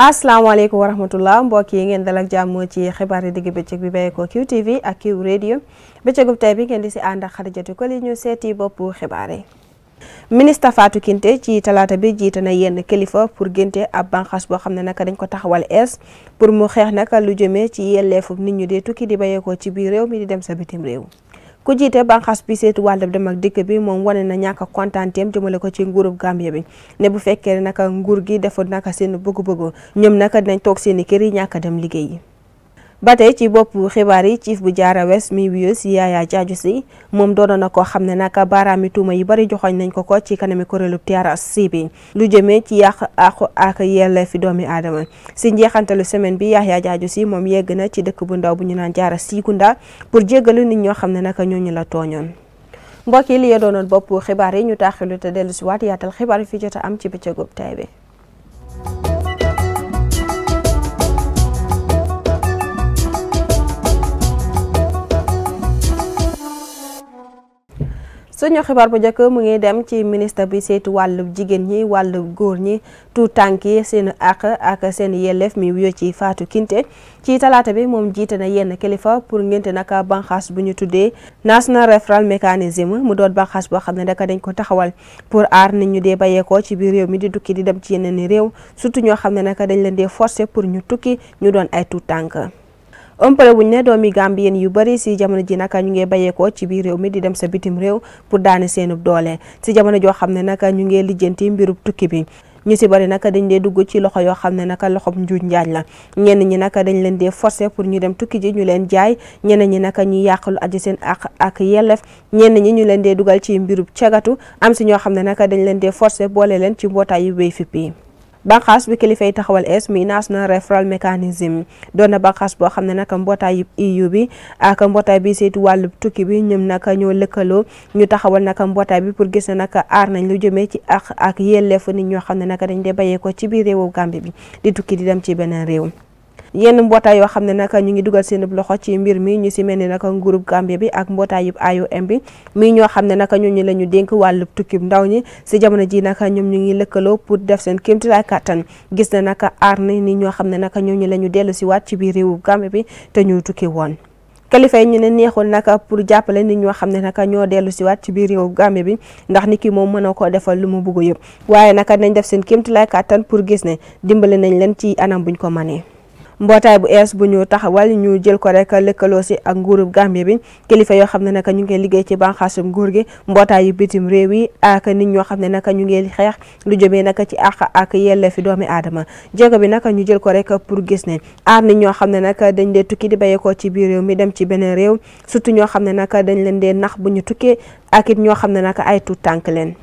asalaamaaleykum wa rahmatullah mbokk yi ngeen dalak jàmm ci xibaar yi digg bëccëg bi bàyyi ko QTV ak Q Radio bëccëgub tey bi ngeen di si ànd ak Xadijatu ko li ñu seeti bopp xibaar yi ministre Fatou Kinte ci talaata bi jiite na yenn kilifa pour génte ab banqaas boo xam ne naka dañ ko taxawal es pour mu xeex naka lu jëmee ci yelleefu nit ñu dee tukki di bayeekoo ci biir réew mi di dem sa bitim réew ku jiite banxaas bi seetu wàllub dem ak dikk bi moom wane na ñàkk kontaanteem jëmale ko ci nguurub Gambie bi ne bu fekkee naka nguur gi deful naka seen bëgg-bëgg ñoom naka dinañ toog seen i kër yi ñàkk dem liggéey ba tey ci bopp xibaar yi chief bu jaara West mi wiyo si Yaya Diadio si moom doonoon na koo xam ne nag baaraami tuuma yi bari joxoñ nañ ko ko ci kanami kuréelu TRRC bi lu jëmee ci yàq àqu ak fi doomi aadama si njeexantalu semaine bi Yaya Diadio si moom yegg na ci dëkk bu ndaw bu ñu naan Diarra Sikunda pour jéggalu nit ñoo xam ne nag ñooñu la tooñoon mbokk yi li doonoon bopp xibaar yi ñu taaxilu te dellu si waat yaatal xibaar yi fi jot am ci bëccëgub tey bi suñu xibaar bu njëkk mu ngi dem ci ministre bi seetu wàllu jigéen ñi wàllu góor ñi tout tànk yi seen àq ak seen yelleef mi wuyoo ci faatu Kinte ci talaata bi moom jiite na yenn kilifa pour ngente naka banxaas bu ñu tuddee national referral mécanisme mu doon banxaas boo xam ne daka dañ ko taxawal pour aar nit ñu dee bayeekoo ci biir réew mi di tukki di dem ci yeneen réew surtout ñoo xam ne naka dañ leen dee forcer pour ñu tukki ñu doon ay tout tànk ëmpale wuñ ne doomi gambien yu bari si jamono ji naka ñu ngi bayeekoo ci biir réew mi di dem sa bitim réew pour daani seenub doole si jamono joo xam ne naka ñu ngi lijjanti mbirub tukki bi ñu si bari naka dañ dee dugg ci loxo yoo xam ne naka loxob njuuj njaaj la ñenn ñi naka dañ leen dee forcé pour ñu dem tukki ji ñu leen jaay ñenn ñi naka ñuy yàqalu aju seen ak ak yellef ñenn ñi ñu leen dee dugal ci mbirub cagatu am si ñoo xam ne naka dañ leen dee forcé boole leen ci mbootaay yu fi fippi banqaas bi kilifa yi taxawal es muy national referral mechanism doon na banqaas boo xam ne nag mbootaay EU e bi ak mbootaay bi saytu wàllu tukki bi ñoom nag ñoo lëkkaloo ñu taxawal nag mbootaay bi pour gis ne nag aar nañ lu jëmee ci ak ak yelleefu nit ñoo xam ne nag dañ dee bàyyeekoo ci biir réewu Gambie bi di tukki di dem ci beneen réew yenn mbootaay yoo xam ne nag ñu ngi dugal seen loxo ci mbir mi ñu si mel ni nag nguurub Gambie bi ak mbootaayub IOM bi mii ñoo xam ne nag ñooñu la ñu dénk wàllub tukkib ndaw ñi si jamono ji nag ñoom ñu ngi lëkkaloo pour def seen kéemtilaay kàttan gis na nag aar na ni ñoo xam ne nag ñooñu la ñu dellu si waat ci biir réewub Gambie bi te ñu tukki woon kalifa yi ñu ne neexul nag pour jàppale nit ñoo xam ne nag ñoo dellu si waat ci biir réew Gambie bi ndax nit ki moom mënoo koo defal lu mu bugg yëpp waaye nag nañ def seen kéemtulaay kàttan pour gis ne dimbale nañ leen ci anam buñ ko manee mbootaay bu ees bu ñu taxawal ñu jël ko rek lëkkaloo si ak nguurub Gambie bi kilifa yoo xam ne nag ñu ngi liggéey ci banqaasum nguur gi mbootaay bitim réew yi ak nit ñoo xam ne naka ñu ngi xeex lu jëmee nag ci àq ak yelle doomi aadama jéego bi nag ñu jël ko rek pour gis ne aar nit ñoo xam ne nag dañ dee tukki di bàyyeekoo ci biir réew mi dem ci beneen réew surtout ñoo xam ne nag dañ leen dee nax bu ñu tukkee ak it ñoo xam ne nag ay tuut tànk leen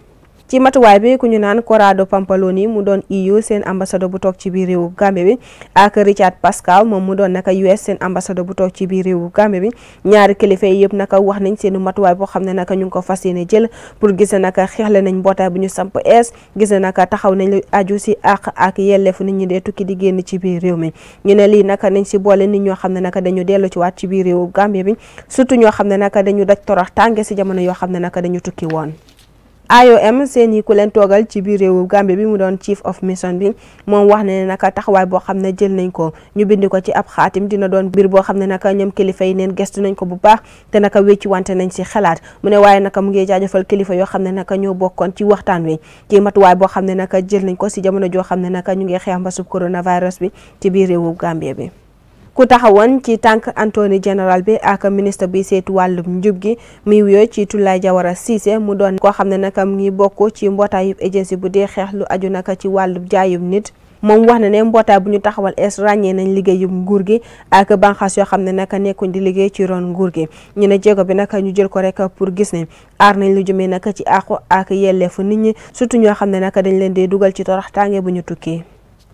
ci matuwaay bi ku ñu naan Corrado Pampaloni mu doon EU seen ambassadeur bu toog ci biir réewu Gambie bi ak Richard Pascal moom mu doon naka US seen ambassadeur bu toog ci biir réewu Gambie bi ñaari kilifa yi yëpp naka wax nañ seenu matuwaay boo xam ne naka ñu ngi ko fas yéene jël pour gise naka xeexle nañ bootaay bu ñu samp es gise naka taxaw nañ lu aju si àq ak yelleefu nit ñi dee tukki di génn ci biir réew mi ñu ne lii naka nañ si boole nit ñoo xam ne naka dañu dellu ci waat ci biir réewu Gambie bi surtout ñoo xam ne naka dañu daj torox tànge si jamono yoo xam ne naka dañu tukki woon IOM seen i ku leen toogal ci biir réewu Gambie bi mu doon chief of mission bi moom wax ne naka taxawaay boo xam ne jël nañ ko ñu bindi ko ci ab xaatim dina doon biir boo xam ne naka ñoom kilifa yi neen gestu nañ ko bu baax te naka wécci wante nañ si xalaat mu ne waaye naka mu ngi jaajafal kilifa yoo xam ne naka ñoo bokkoon ci waxtaan wi ci matuwaay boo xam ne naka jël nañ ko si jamono joo xam ne naka ñu ngi xeex mbasub coronavirus bi ci biir réewu bi ku taxawal ci tànk Anthony General bi ak ministre bi seetu wàllum njub gi mi wuyoo ci Toulaye Diawara Cissé mu doon koo xam ne nag mu ngi bokk ci mbootaayu agency bu dee xeex lu aju naka ci wàllum jaayum nit. moom wax ne ne mbootaay bu ñu taxawal es ràññee nañ liggéeyum nguur gi ak banqaas yoo xam ne naka nekkuñ di liggéey ci ron nguur gi ñu ne jéego bi naka ñu jël ko rek pour gis ne aar nañ lu jëmee naka ci àqu ak yelleefu nit ñi surtout ñoo xam ne naka dañ leen di dugal ci toroxtaange bu ñu tukki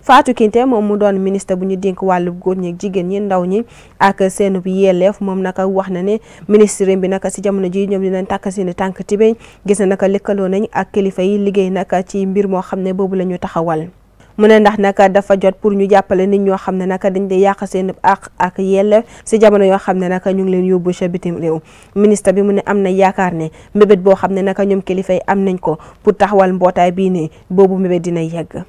faatu Kinte moom mu doon ministre bu ñu dénk wàllu góor ñi jigéen ñi ndaw ñi ak seen yelleef moom naka wax na ne ministre bi naka si jamono ji ñoom dinañ tàkk seen i tànk tibéy gis naka lëkkaloo nañ ak kilifa yi liggéey naka ci mbir moo xam ne boobu la ñu taxawal mu ne ndax naka dafa jot pour ñu jàppale nit ñoo xam ne naka dañ dee yàq seen àq ak yelleef si jamono yoo xam ne naka ñu ngi leen yóbbu sa bitim réew ministre bi mu ne am na yaakaar ne mbébét boo xam ne naka ñoom kilifa yi am nañ ko pour wal mbootaay bii ne boobu mbébét dina yegg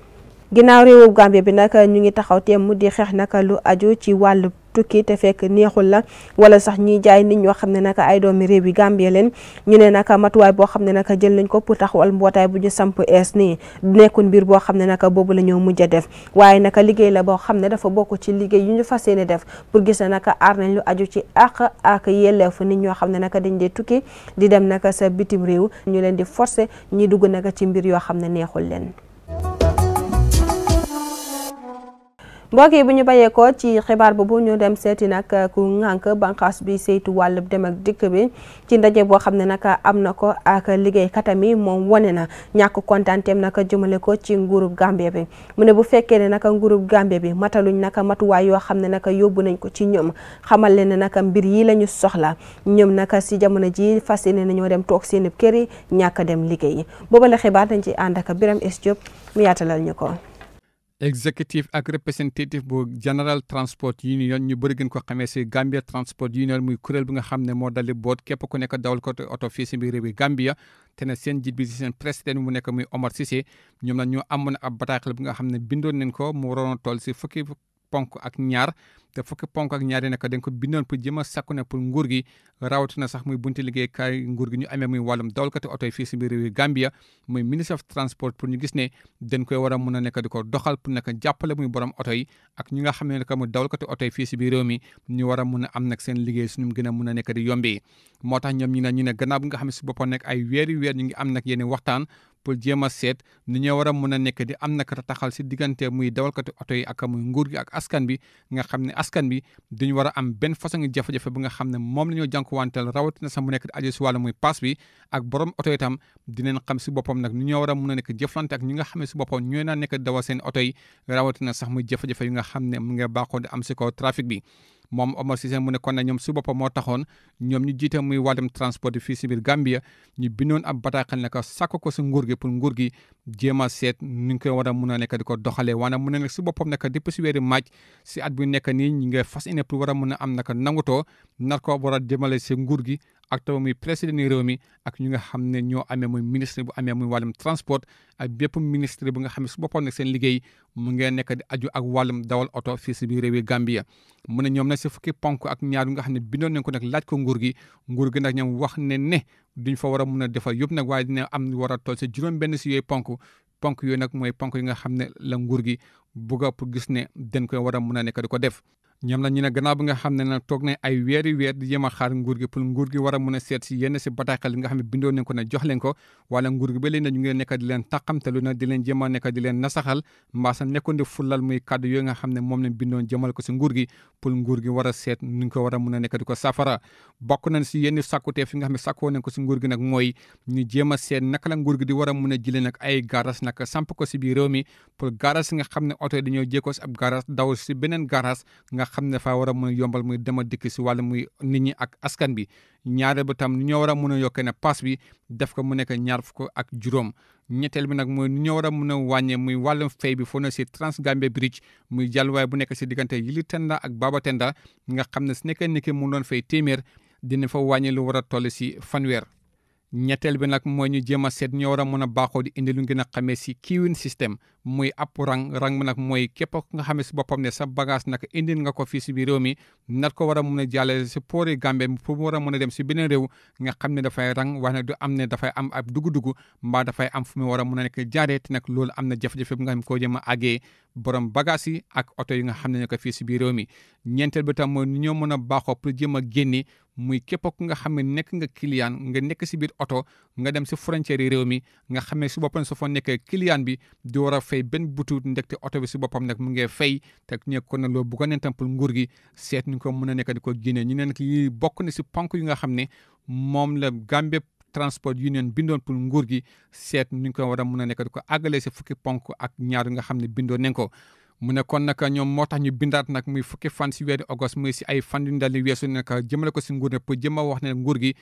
ginnaaw réewum Gambie bi nag ñu ngi taxaw teem mu di xeex nag lu aju ci wàllu tukki te fekk neexul la wala sax ñiy jaay nit ñoo xam ne naka ay doomi réew yi Gambie leen ñu ne naka matuwaay boo xam ne naka jël nañ ko pour taxawal mbootaay bu ñu samp ees nii nekkul mbir boo xam ne naka boobu la ñoo mujj a def waaye naka liggéey la boo xam ne dafa bokk ci liggéey yu fas yéene def pour gis ne naka nañ lu aju ci àq ak yelleefu nit ñoo xam ne naka dañ dee tukki di dem naka sa bitim réew ñu leen di forcer ñi dugg naka ci mbir yoo xam ne neexul leen mbokk yi bu ñu bàyyeekoo ci xibaar boobu ñu dem seeti nag uh, ku ŋànk banqaas bi saytu wàllu dem ak dikk bi ci ndaje boo xam ne nag am na ko ak liggéey mi moom wane na ñàkk kontaanteem nag jëmale ko ci nguurub Gambie bi mu ne bu fekkee ne nag nguurub Gambie bi mataluñ nag matuwaay yoo xam ne nag yóbbu nañ ko ci ñoom xamal leen ne nag mbir yi la ñu soxla ñoom nag si jamono ji fas yéene nañoo dem toog seen kër ñàkk dem liggéey yi booba la xibaar dañ ci ànd ak Biram Es Diop mu yaatalal ñu ko executive ak représentatif bu General Transport Union ñu bëri gën ko xamee si Gambia Transport Union muy kuréel bi nga xam ne moo dali boot képp ku nekk dawal ko oto fii si biir réew bi Gambia te seen jiit bi si mu nekk muy Omar Cissé ñoom nag ñoo amoon ab bataaxal bi nga xam ne bindoon nañ ko mu waroon tool toll si fukki ponk ak ñaar te fukki ponk ak ñaar yi nag ko bindoon pour jëm a ne pour nguur gi sax muy bunti liggéeykaay nguur gi ñu amee muy wàllum dawalkati oto yi fii réew mi ñu war mun am nag seen liggéey suñu gën a mun a nekk di yombee moo tax ñoom ñu ne ñu nga xam si boppam nag ay weeri weer ñu ngi am nag yenn waxtaan pour jéem a seet ni ñoo war a mën a nekk di am naka taxal si diggante muy dawalkati oto yi ak muy nguur gi ak askan bi nga xam ne askan bi duñu war a am benn façon jafe-jafe bi nga xam ne moom la ñoo jànkuwanteel rawatina sax mu nekk di aju muy paas bi ak borom oto itam dinañ xam si boppam nag ni ñoo war a mën a nekk jëflante ak ñi nga xam ne si boppam ñooy naa nekk dawal seen oto yi rawatina sax muy jafe-jafe yi nga xam ne mu nga baaxoo di am si ko trafic bi moom Omar Cissé mu ne kon ñoom si boppam moo taxoon ñoom ñu jiite muy wàllum transport fii si biir Gambia ñu bindoon ab bataaxal ne ko sàkk ko si nguur gi pour nguur gi jéem a seet ni ñu koy war a mun a nekk di ko doxalee waana mu ne nag si boppam nekk depuis si weeri maaj si at bu nekk nii ñu ngi fas yéene pour war a mun a am naka nangutoo nar ko war a jëmale si nguur gi ak taw muy président réew mi ak ñu nga xam ne ñoo amee muy ministre bu amee muy wàllum transport ak bépp ministre bu nga xam ne su boppoon nag seen liggéey mu ngeen nekk di ak wàllum dawal oto fii si biir réew yi Gambia mu ne ñoom nag si fukki ponk ak ñaar yu nga xam ne bindoon nañ ko nag laaj ko nguur gi nguur gi nag ñoom wax ne ne duñ fa war a mun a defar yëpp nag waaye dina am war a toll si benn si yooyu ponk ponk yooyu nag mooy ponk yi nga xam ne la nguur gi bugga pour gis ne dañ war mun a nekk ko def ñoom na ñu ne gannaaw nga xam ne nag toog nañ ay weeri weer di jéem a xaar nguur gi pour nguur gi war a mën a seet si yenn si bataaxal yi nga xam ne bindoon nañ ko ne jox leen ko wala nguur nekk di leen tàqamtalu nag di leen a nekk di leen nasaxal mbaa sax nekkoon xam ne moom lañ bindoon jëmal ko si nguur gi pour nguur gi a seet nuñ ko war a mën a di ko safara bokk nañ si yenn sàkkutee fi nga xam ne sàkkoo nañ ko si nguur gi nag mooy ñu jéem a seet naka la nguur gi di war a mën a jëlee nag ay garas nag samp ko si biir réew mi pour garas nga xam ne oto yi dañoo jékoo si ab garas daw si beneen garas nga xam ne dafaa war a mën yombal muy dema dikk si wàllu muy nit ak askan bi ñaareel ba tam ni ñoo war a mun a yokke ne paas bi def ko mu nekk ñaar fukk ak juróom ñetteel bi nag mooy ni war a mun a wàññee muy wàllum fay bi foo na si Trans-Gambia Bridge muy jàlluwaay bu nekk si diggante Yilitenda ak Babatenda nga xam ne su nekkee nit ki mu doon fay téeméer dina foo wàññi lu war a toll si fanweer ñetteel bi nag mooy ñu jéem a seet ñoo war a mën a baaxoo di indi lu gën a xamee si kiwin système muy ab rang rang bi nag mooy képp ku nga xamee si boppam ne sa bagaas nag indil nga ko fii si biir réew mi nat ko war a mën a jàllale si poori Gambie pour mu war a mën a dem si beneen réew nga xam ne dafay rang wax ne du am ne dafay am ab dugu dugg mbaa dafay am fu mu war a mën a nekk jaaree te nag loolu am na jafe-jafe nga xam koo jéem a àggee borom bagage yi ak oto yi nga xam ne ne ko fii si biir réew mi ñeenteel bi tam mooy ñoo mën a baaxoo pour jéem a génne muy képp ku nga xam ne nekk nga client nga nekk si biir oto nga dem si frontière réew mi nga xam ne si boppam su fa nekkee client bi di war a fay benn butuut ndekte oto bi si boppam nag mu ngee fay teg nekkoon na loolu bu ko neen tampal nguur gi seet ni ko mën a nekk di ko génne bokk na si ponk yi nga xam ne moom la Gambia transport union bindoon pour nguur gi seet ni ko war a mun a nekk di ko àggale si fukki ponk ak ñaar nga xam ne bindoon nañ ko mu ne kon nag ñoom moo tax ñu bindaat nag muy fukki fan si weeru ogos muy si ay fan yu ndal weesu nag jëmale ko si nguur ne pour jëm a wax ne nguur gi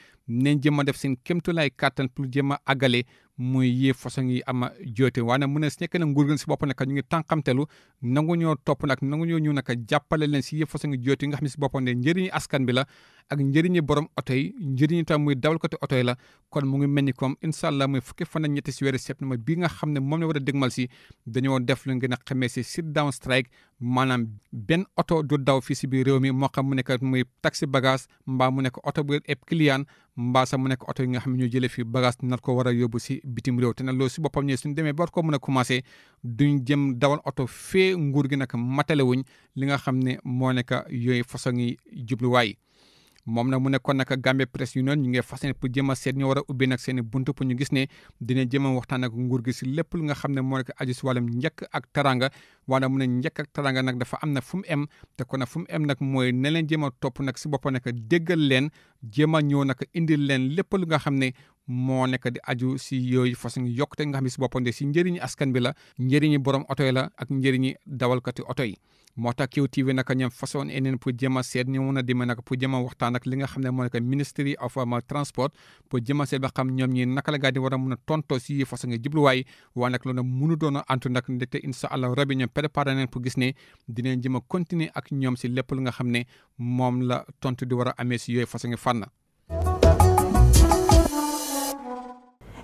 nañ jëm a def seen kémtulaay kàttan pour jëm a àggale muy yi façon yi ama joote waaye nag mun ne si nekk na nguur gi si bopp nag ñu ngi tànqamtelu nangu ñoo topp nag nangu ñoo na nag jàppale leen si yi façon yi joote yi nga xam ne si boppam ne njëriñu askan bi la ak njëriñu borom oto yi njëriñu tam muy dawalkati oto yi la kon mu ngi mel ni comme incha allah muy fukki fan ak ñetti si weeru septembre bi nga xam ne moom la war a dégmal si dañoo def lu ngeen a xamee si sit down strike maanaam benn oto du daw fii si biir réew mi moo xam mu nekk muy taxi bagage mbaa mu nekk oto bu eb client mbaa mu nekk oto yi nga xam ne ñoo jëlee fii bagage nat ko war a yóbbu si bitim réew te nag loolu si boppam ñee suñu demee ba ko mën a commencé duñ jëm dawal oto fee nguur gi nag matale wuñ li nga xam ne moo nekk yooyu façon yi jubluwaay moom nag mu nekkoon nag Gambia Press Union ñu ngi fas yéene pour jëm a seet ñu war a ubbi nag seen i buntu pour ñu gis ne dina jëm a waxtaan ak ngur gi si lépp lu nga xam ne moo nekk aju si wàllum njëkk ak taranga waaye mu ne njëkk ak nag dafa am na fu mu em te kon nag fu mu em nag mooy ne leen jëm a topp nag si boppam nag déggal leen jéem a ñëw nag indil leen lépp lu nga xam ne moo nekk di aju si yooyu façon yokkute nga xam ne si boppande si njëriñu askan bi la njëriñu borom oto la ak njëriñu dawalkati oto yi moo tax QTV naka ñoom façon eneen pour jëm a seet ñu mun a demee nag pour jëm a waxtaan ak li nga xam ne moo nekk ministry of um, transport pour jëm a seet xam ñoom ñi naka la gaa di war a mun a tonto si yi façon jubluwaay waaye nag loolu mënu doon a antu nag ndekte incha allah rabi ñoom préparé nañ pour gis ne dina jëm a continuer ak ñoom si lépp lu nga xam ne moom la tontu di war a amee si yooyu fanna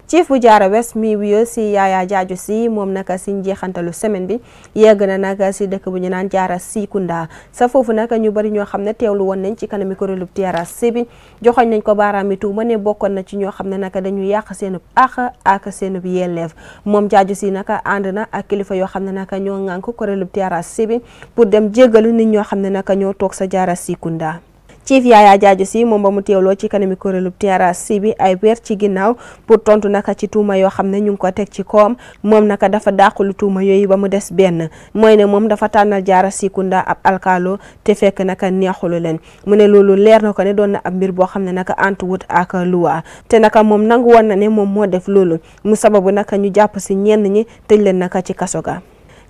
chief bu jaara west mi wuyoo si Yaya Jaaju si moom nag si njeexantalu semaine bi yegg na nag si dëkk bu ñu naan jaara Sikunda sa foofu nag ñu bari ñoo xam ne teewlu woon nañ ci kanami kuréelu TRRC bi joxoñ nañ ko baaraami tuuma ne bokkoon na ci ñoo xam ne nag dañu yàq seenub àq ak seenub yelleef moom Jaaju si nag ànd na ak kilifa yoo xam ne nag ñoo ŋànk kuréelu TRRC bi pour dem jéggalu nit ñoo xam ne naka ñoo toog sa jaara Sikunda Chief Yaya Jaaju si moom ba mu teewloo ci kanami kuréelu si bi ay weer ci ginnaaw pour tontu naka ci tuuma yoo xam ne ñu ngi ko teg ci koom moom naka dafa dàqulu tuuma yooyu ba mu des benn mooy ne moom dafa tànnal jaara sikunda ab alkaalo te fekk naka neexulu leen mu ne loolu leer na ko ne doon na ab mbir boo xam ne naka antuwut ak luwa te naka moom nangu woon na ne moom moo def loolu mu sababu naka ñu jàpp si ñenn ñi tëj leen naka ci kaso ga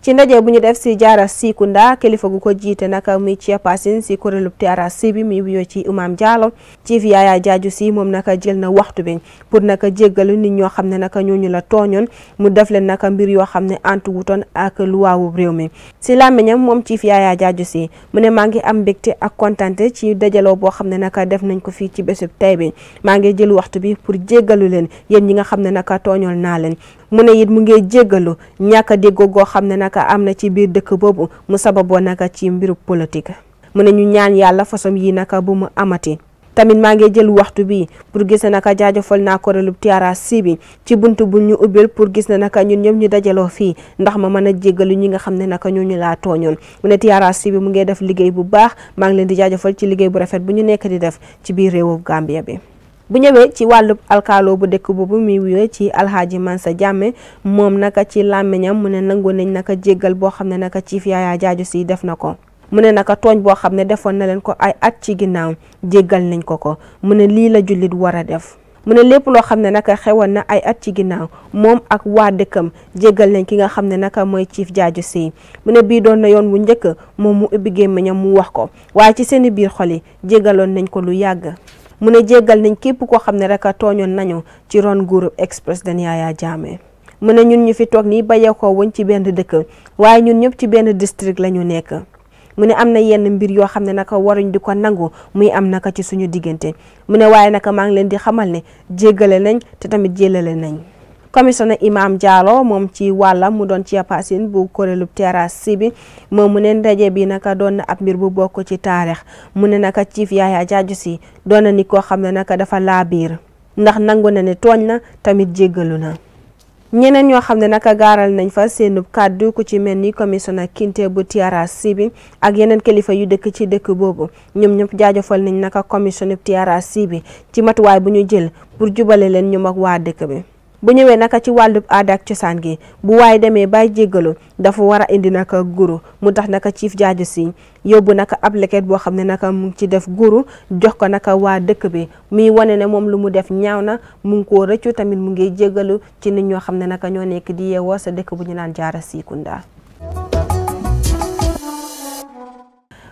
ci ndaje bu ñu def si jara jaara Sikunda kilifa gu ko jiite naka muy chairperson si kuréelub TRRC bi muy ci Oumam Jallow chief Yaya Jaaju si moom naka jël na waxtu bi pour naka jéggalu nit ñoo xam ne naka ñooñu la tooñoon mu def leen naka mbir yoo xam ne antu wutoon ak luwaawu réew mi si làmmiñam moom chief Yaya Jaaju si mu ne maa ngi am mbégte ak kontante ci dajalo boo xam ne naka def nañ ko fii ci bésub tey bi maa ngi jël waxtu bi pour jéggalu leen yéen ñi nga xam ne naka tooñool naa leen mu ne it mu ngi jéggalu ñàkk a déggoo goo xam ne naka am na ci biir dëkk boobu mu sababoo naka ci mbiru politique mu ne ñu ñaan yàlla façon yi naka bu mu amati tamit maa ngi jël waxtu bii pour gis ne naka jaajëfal naa kuréelub TRRC bi ci bunt bu ñu ubbil pour gis ne naka ñun ñoom ñu dajaloo fii ndax ma mën a jéggalu ñi nga xam ne naka ñooñu laa tooñoon mu ne TRRC bi mu ngi def liggéey bu baax maa ngi leen di jaajëfal ci liggéey bu rafet bu ñu nekk di def ci biir réewub Gambia bi bu ñëwee ci wàllu alkaalo bu dëkk boobu muy wuyoo ci alhaaji Mansa Jammeh moom naka ci làmmiñam mu ne nangu nañ naka jéggal boo xam ne naka Chief Yaya Jaaju si def na ko mu ne naka tooñ boo xam ne defoon na leen ko ay at ci ginnaaw jéggal nañ ko ko mu ne lii la jullit war a def mu ne lépp loo xam ne naka xewoon na ay at ci ginnaaw moom ak waa dëkkam jéggal nañ ki nga xam ne naka mooy ciif Jaaju Si mu ne bii doon na yoon wu njëkk moom mu ubbi gémmiñam mu wax ko waaye ci seen biir xol yi jéggaloon nañ ko lu yàgg mu ne jéggal nañ képp koo xam ne rek tooñoon nañu ci ron nguurub express den Yaya Jammeh mu ne ñun ñu fi toog nii bayeekoo wuñ ci benn dëkk waaye ñun ñëpp ci benn district la ñu nekk mu ne am na yenn mbir yoo xam ne naka waruñ di ko nangu muy am naka ci suñu diggante mu ne waaye naka maa ngi leen di xamal ne jéggale nañ te tamit jélale nañ commissioner Imam Diallo moom ci wàllam mu doon chairperson bu kuréelu TRRC bi moom mu ne ndaje bi naka doon na ab mbir bu bokk ci taarix mu ne naka Chief Yaya Jaaju si doon na ni koo xam ne naka dafa laa biir ndax nangu na ne tooñ na tamit jéggalu na. ñeneen ñoo xam ne naka gaaral nañ fa seen kàddu ku ci mel ni commissioner Kinte bu TRRC bi ak yeneen kilifa yu dëkk ci dëkk boobu ñoom ñëpp jaajëfal nañ naka commissioner TRRC bi ci matuwaay bu ñu jël pour jubale leen ñoom ak waa dëkk bi. bu ñëwee naka ci wàllub aada ak cosaan gi bu waaye demee bay jéggalu dafa war a indi naka guru mu tax naka chief jaaju si yóbbu naka ab boo xam ne naka mu ngi ci def guru jox ko naka waa dëkk bi muy wane ne moom lu mu def ñaaw na mu ngi koo rëccu tamit mu ngi jéggalu ci nit ñoo xam ne naka ñoo nekk di yeewoo sa dëkk bu ñu naan jaara sikunda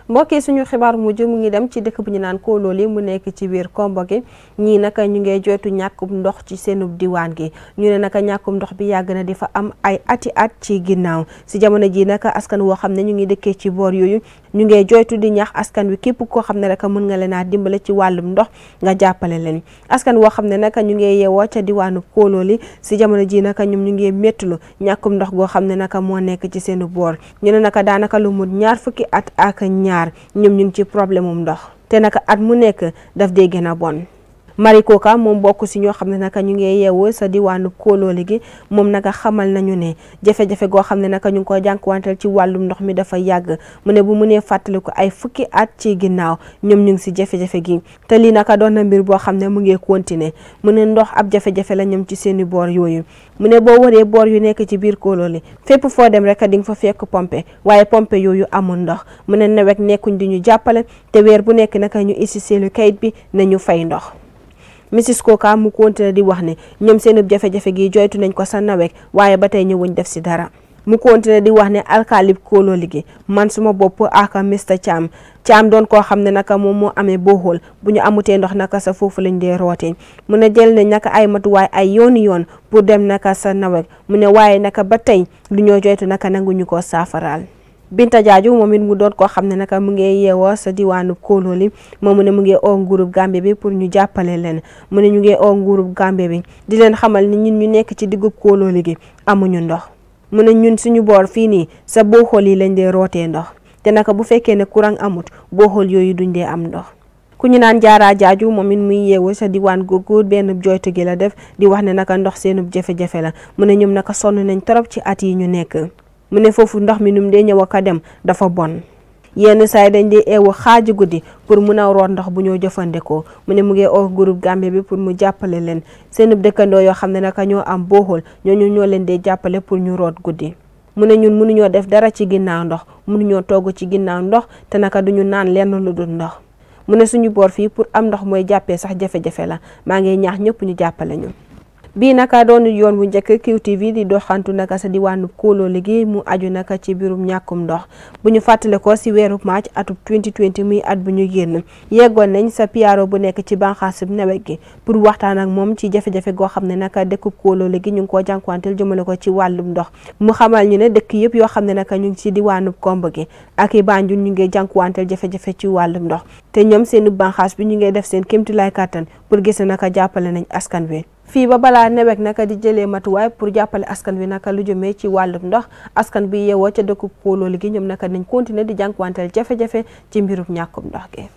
mbokki suñu xibaar mujj mu ngi dem ci dëkk bu ñu naan Kololi mu nekk ci biir Kombo gi ñii naka ñu ngay jooytu ñàkkum ndox ci seenub diwaan gi ñu ne naka ñàkkum ndox bi yàgg na di fa am ay ati at ci ginnaaw si jamono ji naka askan woo xam ne ñu ngi dëkkee ci boor yooyu ñu ngee joytu di ñax askan wi képp koo xam ne rek mën nga leen a dimbale ci wàllum ndox nga jàppale leen askan woo xam ne nag ñu ngee yeewoo ca diwaanu Kololi si jamono ji nag ñoom ñu ngee méttulu ñàkkum ndox goo xam ne nag moo nekk ci seenu boor ñu ne nag daanaka lu mut ñaar fukki at ak ñaar ñoom ñu ngi ci problème um ndox te nag at mu nekk daf dee gën a bon Marie Koka moom bokk si ñoo xam ne naka ñu ngi yeewoo sa diwaanu kóolooli gi moom naka xamal nañu ne jafe-jafe goo xam ne naka ñu ngi koy jànkuwanteel ci wàllum ndox mi dafa yàgg mu ne bu mënee fàttaliku ay fukki at ci ginnaaw ñoom ñu ngi si jafe gi te lii naka doon na mbir boo xam ne mu ngi continuer mu ne ndox ab jafe-jafe la ñoom ci seeni boor yooyu mu ne boo waree boor yu nekk ci biir kóolooli fépp foo dem rek di nga fa fekk pompe waaye pompe yooyu amul ndox mu ne nawet nekkuñ di ñu jàppale te weer bu nekk naka ñu isi seelu kayit bi nañu fay ndox Mrs Koka mu continué di wax ne ñoom seen jafe-jafe gi joytu nañ ko sa nawek waaye ba tey ñëwuñ def si dara mu continué di wax ne alkaalib kolo liggéey man suma bopp aka Mr Thiam Thiam doon koo xam ne naka moom moo amee booxool bu ñu amutee ndox naka sa foofu lañ dee rootee mu ne jël nañ naka ay matuwaay ay yooni yoon pour dem naka sa nawet mu ne waaye naka ba tey lu ñoo joytu naka nanguñu ko saafaraal Binta Jaaju moom it mu doon koo xam ne naka mu ngi yeewoo sa diwaanu Kololi moom mu ne mu ngi oo nguurub Gambie bi pour ñu jàppale leen mu ne ñu ngi oo nguurub Gambie bi di leen xamal ni ñun ñu nekk ci diggub Kololi gi amuñu ndox mu ne ñun suñu boor fii nii sa booxool yi lañ dee rootee ndox te naka bu fekkee ne courant amut booxool yooyu duñ dee am ndox. ku ñu naan jaaraa jaaju moom it muy yeewu sa diwaan googu benn joytu gi la def di wax ne naka ndox seenub jafe la mu ne ñoom naka sonn nañ torop ci at yi ñu nekk. mu ne foofu ndox mi num dee ñëw ak dem dafa bon yenn saa dañ dee eewu xaaji guddi pour mun a root ndox bu ñoo jëfandikoo mu ne mu ngi oo groupe Gambie bi pour mu jàppale leen seenub dëkkandoo yoo xam ne naka ñoo am ñoo ñu ñoo leen dee jàppale pour ñu root guddi mu ne ñun mënuñoo def dara ci ginnaaw ndox mënuñoo togg ci ginnaaw ndox te naka du ñu naan lenn lu dul ndox mu ne suñu boor fii pour am ndox mooy jàppee sax jafe-jafe la maa ngi ñaax ñëpp ñu jàppale ñu bii naka doon yoon bu njëkk QTV di doxantu naka sa diwaanu kóolooli gi mu aju naka ci biirum ñàkkum ndox bu ñu fàttale ko si weeru mars atub 2020 muy at bu ñu génn yeggoon nañ sa piaro bu nekk ci banxaasub nawet gi pour waxtaan ak moom ci jafe goo xam ne naka dëkkub kóolooli gi ñu ngi koo jànkuwanteel jëmale ko ci wàllum ndox mu xamal ñu ne dëkk yëpp yoo xam ne naka ñu ngi ci diwaanub komb gi ak i Banjul ñu ngi jànkuwanteel jafe-jafe ci wàllum ndox te ñoom seenu banxaas bi ñu ngi def seen kémtulaay kàttan pour gis naka jàppale nañ askan wi fii ba balaa newek naka di jëlee matuwaay pour jàppale askan wi naka lu jëmee ci wàllum ndox askan bi yeewoo ca dëkku Polooli gi ñoom naka nañ continuer di jànkuwanteel jafe-jafe ci mbirum ñàkkum ndox gi.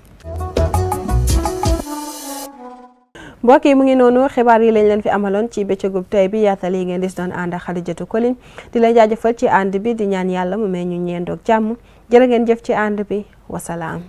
mbokk yi mu ngi noonu xibaar yi lañ leen fi amaloon ci bëccëgub tey bi yaatal yi ngeen di doon ànd ak Xadijatu Collin di la jaajëfal ci ànd di ñaan yàlla mu may ñu ñeendoog jàmm jërë ngeen jef ci ànd bi wasalaam.